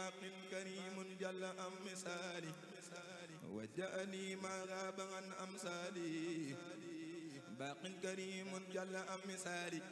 باق كريم جل أم مثالي وجأني ما غاب عن أمثالي باق كريم جل أم مثالي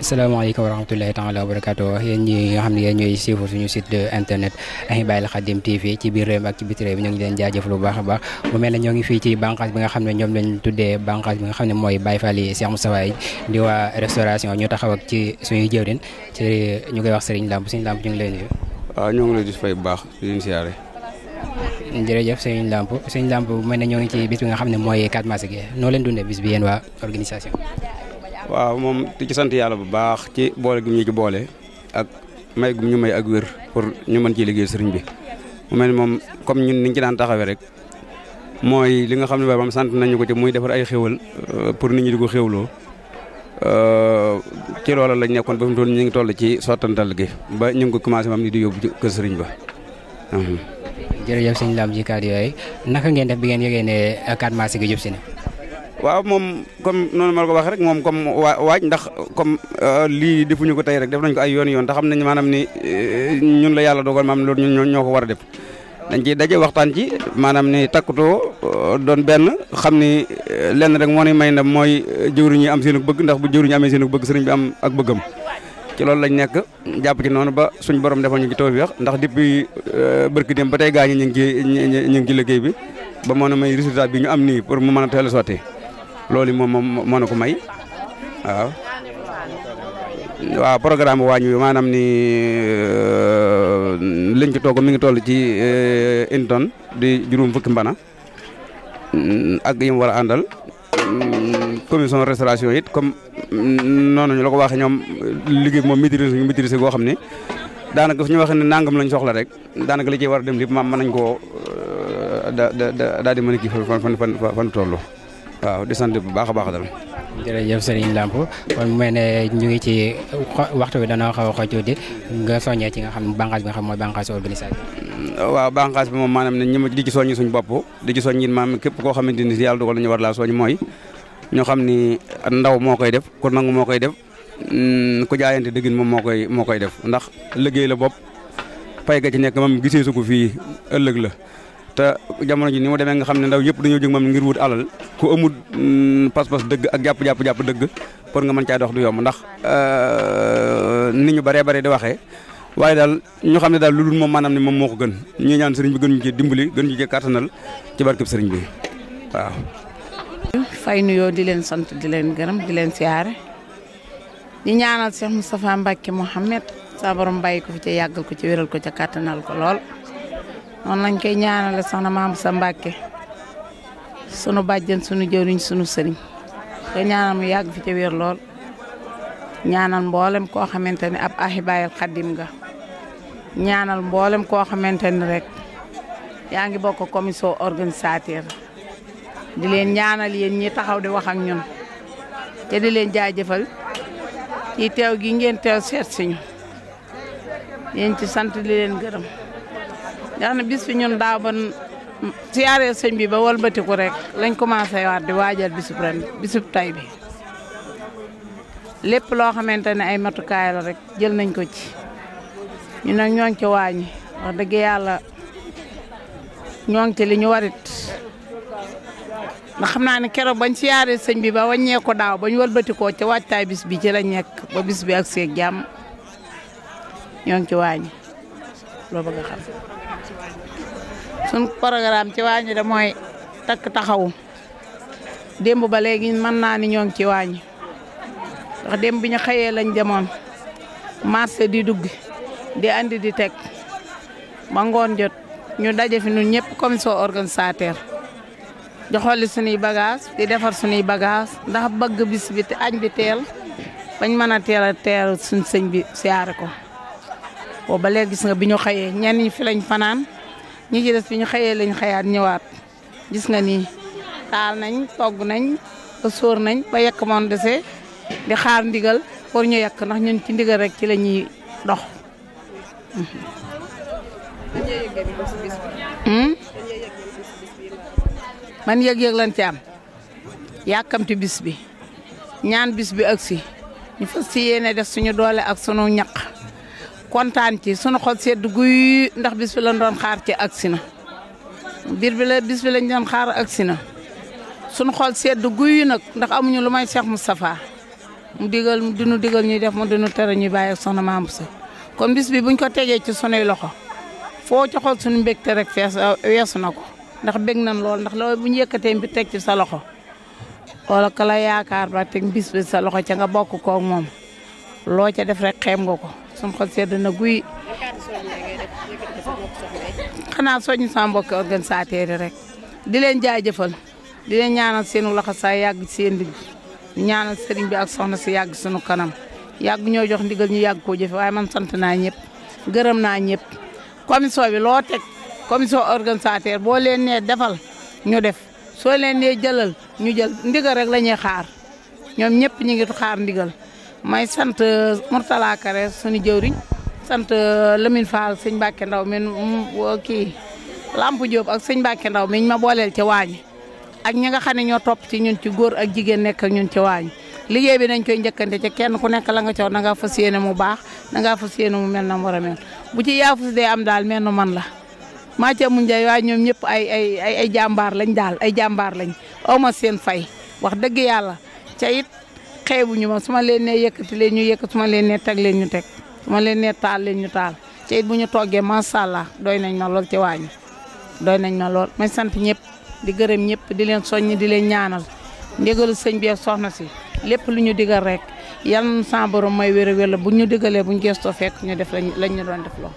salaamaaleykum wa rahmatullahi taala wa barakaatu yéen ñi nga xam ne ñooy suivre suñu site internet Hibaayil Khadim TV ci biir réew ak ci biti réew ngi leen jaajëf lu baax a baax mu ne ñoo ngi fii ci bànqaas bi nga xam ne ñoom lañ tuddee bànqaas bi nga ne mooy Baye Fall yi Cheikh Moustapha yi di waa restauration ñu taxaw ak ci suñuy jëwrin ci ñu koy wax sëriñ Lamp Serigne Lamp ñu ngi lay nuyu waaw ah, ñoo ngi lay gis fay bu baax di leen siyaare jërëjëf Serigne Lamp Serigne Lamp mu mel ne ñoo ngi ci bis bi nga xam ne mooy 4 mars gi noo leen dundee bis bi yéen waa organisation waaw moom ci sant yàlla bu baax ci boole gi ñu ci boole ak may gum ñu may ak wér pour ñu mën ci liggéey sëriñ bi mu mel ni moom comme ñun ni ñu ci daan taxawee rek mooy li nga xam ne baay sant nañu ko ci muy defar ay xéwal euh, pour nit ñi di ko xéwloo euh, ci loola lañ nekkoon ba mu toll ñu ngi toll ci sottantal gi ba ñu ngi ko commencé mam ni di yóbbu kër sëriñ ba. jërëjëf sëñ Lam ji kàddu yooyu naka ngeen def bi ngeen yëgee ne 4 mars gi jëf si na waaw moom comme noonu ma la ko wax rek moom comme waa waaj ndax comme euh, lii defuñu ko tey rek def nañ ko ay yoon yoon te xam nañ maanaam ni euh, ñun la yàlla dogal maanaam loolu ñun ñoo ko war a def dañ ciy daje waxtaan ci maanaam ni takkutoo euh, doon benn xam ni lenn rek moo ni may ndam mooy jëwriñ ñi am seen bëgg ndax bu jëwriñ ñi amee seen bëgg sëriñ bi am ak bëggam ci loolu lañ nekk jàpp ci noonu ba suñ borom defal ñu ci tawfeex ndax depuis barki dem ba tey gaañi ñu ngi ñu ngi liggéey bi ba moo na may résultat bi ñu am nii pour mu mën a teel a sotti loli mo mo na ko may waaw waaw programme wañu manam ni euh, liñ ci togo mi ngi toll ci inton euh, di jurum fukki mbana mm, ak yim wara andal mm, commission restauration yit comme mm, nonu ñu lako wax ñom ñoom liggéey maîtriser ñu maîtriser go xamni danaka fu ñu wax ni nangam lañ soxla rek danaka li ci wara dem lépp maam mën nañ ko euh, da da da di mën ki kii fan fan fan fan toll waaw di sant bu baax a baax dal jërëjëf Serigne Lamp kon mu mel ne ñu ngi ci waxtu bi dana xaw a xëccoo di nga soññee ci nga xam ne bànqaas bi nga xam mooy bànqaasu organisation waaw bànqaas bi moom maanaam ne ñi di ci soññi suñ bopp di ci soññi maam képp koo xamante ni si yàlla dogal nañu war ñoo xam ni ndaw moo koy def ku nangu moo koy def mm, ku jaayante dëggin moom moo koy moo koy def ndax liggéey la bopp pay ga nekk moom gisee su ko fii ëllëg la te jamono ji ni mo demee nga xam ndaw yëpp dañu jëg mom ngir wut alal ku amul pass mm, pass deug ak japp japp japp deug pour nga man ca dox du yom ndax euh niñu bare bare di waxee waye dal ñu xam dal lulul mom manam ni mom moko gën ñi ñaan sëriñ bi gën ñu ci dimbali gën ñu ci kàttanal ci barkeb sëriñ bi waaw. fay nuyo di len sant di len gërëm di len siyaare di ñaanal Cheikh mustapha Mbacke mohammed sa borom bayiko fi ci yagal ko ci wéral ko ci kàttanal ko lool noonu lañ koy ñaanale soxna maam sa Mbàkke sunu bàjjen sunu jëwriñ sunu sëriñ ko ñaanal mu yàgg fi ca wér lool ñaanal mboolem ab ahibaayal xaddim nga ñaanal mboolem koo xamante rek yaa ngi bokk commission organisateur di leen ñaanal yéen ñi taxaw di wax ak ñun te di leen jaajëfal ci teew gi ngeen teew seet si ñu ci di leen nga xam bis bi ñun daaw ban siyaare sëñ bi ba walbatiku rek lañ commencé waat di waajal bisub ren bisub tay bi lépp loo xamante ne ay matukaay la rek jël nañ ko ci ñu nag ñoo ngi ci waañi wax dëgg yàlla ñoo ngi li ñu warit ndax xam naa ne keroog bañ siyaare sëñ bi ba waññeeku ko daaw bañ walbatikoo ci waajtaay bis bi ci la ñekk ba bis bi ak seeg jàmm ñoo ngi ci waañi loo bëgg a sun program ci wañu da moy tak taxaw dembu ba legi man na ni ñong ci wañu wax dem biñu ñu xeyé lañ demone marché di dugg di andi di tek ba ngon jot ñu dajé fi ñun ñepp comme so organisateur di xol suñu bagage di défar suñu bagage ndax bëgg bis bi té añ bi téel bañ mëna téla téel suñu señ bi siar ko bo ba legi gis nga biñu xeyé ñen fi lañ fanane ñi ci def bi ñu xëyee lañ xëyaat ñëwaat gis nga ni taal nañ togg nañ ba sóor nañ ba yak moon dese di xaar ndigal pour ñu yak nak ñun ci ndigal rek ci lañuy dox hmm man yëg yëg lan ci am yàkkamti bis bi ñaan bis bi aksi ñu fas ci def suñu doole ak suñu ñaq kontaan ci sunu xol sedd guy ndax bis bi lañ doon xaar ci agsi na biir bi la bis bi lañ doon xaar agsi na sunu xol sedd guy nag ndax amuñu lu may Cheikh Moustapha mu digal duñu digal ñuy def mu duñu tere ñuy bàyyi ak soxna Maam Bousso kon bis bi buñ ko tegee ci sunuy loxo foo ci xol suñu mbégte rek fees weesu na ko ndax bég nañ lool ndax loolu bu ñu yëkkatee bi teg ci sa loxo wala kala yaakaar ba teg bis bi sa loxo ca nga bokk kook moom. loo ca def rek xeem nga ko sum xol sedd na guy. xanaa soññ sama mbokki organisateur rekk di leen jaajëfal di leen ñaanal seenu loxo saa yàgg seen digg ñaanal sëriñ bi ak soxna si yàgg sunu kanam yàgg ñoo jox ndigal ñu yàgg koo jëfe waaye man sant naa ñëpp gërëm naa ñëpp commission bi loo teg soo organisateur boo leen nee defal ñu def soo leen nee jëlal ñu jël ndigal rek la xaar ñoom ñëpp ñu ngi xaar ndigal may sant Mourtala Kare suñu jëwriñ sant euh, Lamine Fall sëñ Mbacke Ndaw min euh, kii Lamp Diop ak sëñ Mbacke Ndaw miñ ma booleel ci waañ ak ñi nga xam ne ñoo topp ci ñun ci góor ak jigéen nekk ñun ci waañ liggéey bi nañ koy njëkkante ci kenn ku nekk la nga coow nanga ngaa fas yéene mu baax na ngaa fas yéene mu mel na mu war a mel bu ci yaafus dee am daal mel na man la Mathieu mu Ndiaye waaye ñoom ñëpp ay ay ay ay jàmbaar lañ daal ay jàmbaar lañ aw ma seen fay wax dëgg yàlla ca xeebuñu ma su ma leen nee yëkkati leen ñu yëkk suma leen ne teg leen ñu teg su ma leen nee taal leen ñu taal te bu ñu toggee macha allah doy nañ ma lool ci waañu doy nañ ma lool ma sant ñëpp di gërëm ñëpp di leen soññ di leen ñaanal ndigalu sëñ bi soxna si lépp lu ñu digal rek yal na sama borom may wér-wér la bu ñu digalee bu ñu gëstoo fekk ñu def lañ ñu doon def lool